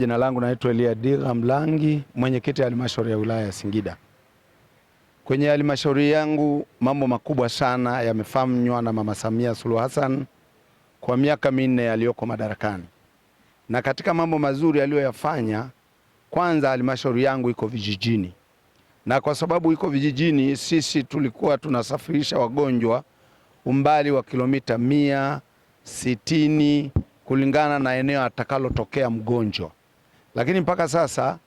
Jina langu naitwa Dira Mlangi, mwenyekiti halmashauri ya wilaya ya Singida. Kwenye halmashauri yangu mambo makubwa sana yamefanywa na Mama Samia Suluhu Hassan kwa miaka minne aliyoko madarakani, na katika mambo mazuri aliyoyafanya, kwanza halmashauri yangu iko vijijini, na kwa sababu iko vijijini, sisi tulikuwa tunasafirisha wagonjwa umbali wa kilomita mia sitini kulingana na eneo atakalotokea mgonjwa lakini mpaka sasa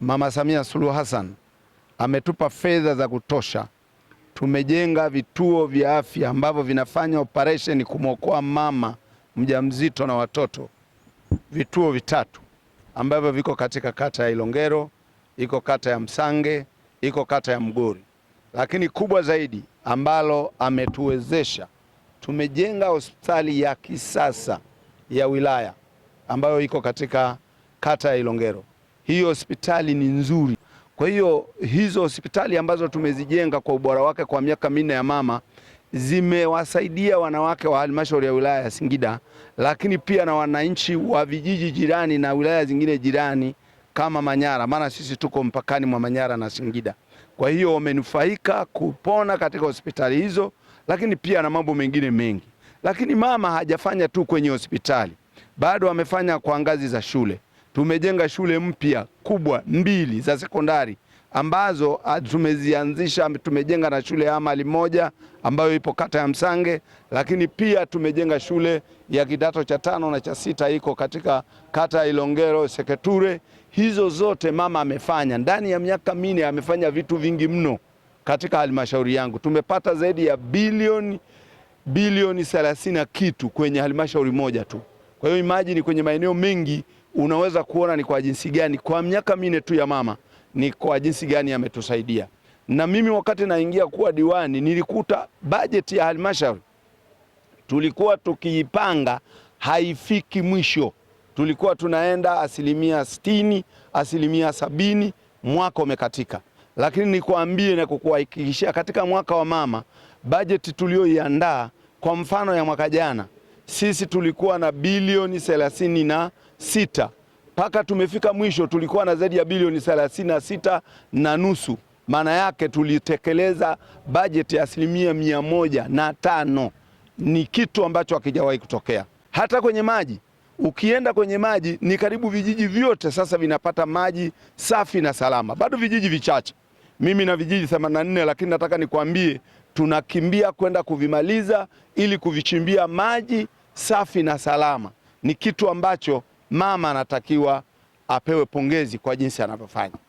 Mama Samia Suluhu Hassan ametupa fedha za kutosha. Tumejenga vituo vya afya ambavyo vinafanya operesheni kumwokoa mama mjamzito na watoto, vituo vitatu ambavyo viko katika kata ya Ilongero, iko kata ya Msange, iko kata ya Mgori. Lakini kubwa zaidi ambalo ametuwezesha, tumejenga hospitali ya kisasa ya wilaya ambayo iko katika kata ya Ilongero. Hiyo hospitali ni nzuri. Kwa hiyo hizo hospitali ambazo tumezijenga kwa ubora wake kwa miaka minne ya mama zimewasaidia wanawake wa halmashauri ya wilaya ya Singida, lakini pia na wananchi wa vijiji jirani na wilaya zingine jirani kama Manyara, maana sisi tuko mpakani mwa Manyara na Singida. Kwa hiyo wamenufaika kupona katika hospitali hizo, lakini pia na mambo mengine mengi. Lakini mama hajafanya tu kwenye hospitali, bado amefanya kwa ngazi za shule tumejenga shule mpya kubwa mbili za sekondari ambazo ah, tumezianzisha. Tumejenga na shule ya amali moja ambayo ipo kata ya Msange, lakini pia tumejenga shule ya kidato cha tano na cha sita iko katika kata ya Ilongero Seketure. Hizo zote mama amefanya ndani ya miaka minne, amefanya vitu vingi mno katika halmashauri yangu. Tumepata zaidi ya bilioni bilioni thelathini na kitu kwenye halmashauri moja tu. Kwa hiyo imagine kwenye maeneo mengi unaweza kuona ni kwa jinsi gani kwa miaka minne tu ya mama ni kwa jinsi gani ametusaidia. Na mimi wakati naingia kuwa diwani nilikuta bajeti ya halmashauri tulikuwa tukiipanga haifiki mwisho, tulikuwa tunaenda asilimia sitini, asilimia sabini, mwaka umekatika. Lakini nikuambie na kukuhakikishia katika mwaka wa mama bajeti tuliyoiandaa kwa mfano ya mwaka jana sisi tulikuwa na bilioni thelathini na sita mpaka tumefika mwisho tulikuwa na zaidi ya bilioni thelathini na sita na nusu. Maana yake tulitekeleza bajeti ya asilimia mia moja na tano. Ni kitu ambacho hakijawahi kutokea. Hata kwenye maji, ukienda kwenye maji ni karibu vijiji vyote sasa vinapata maji safi na salama, bado vijiji vichache mimi na vijiji 84 lakini nataka nikwambie tunakimbia kwenda kuvimaliza ili kuvichimbia maji safi na salama. Ni kitu ambacho mama anatakiwa apewe pongezi kwa jinsi anavyofanya.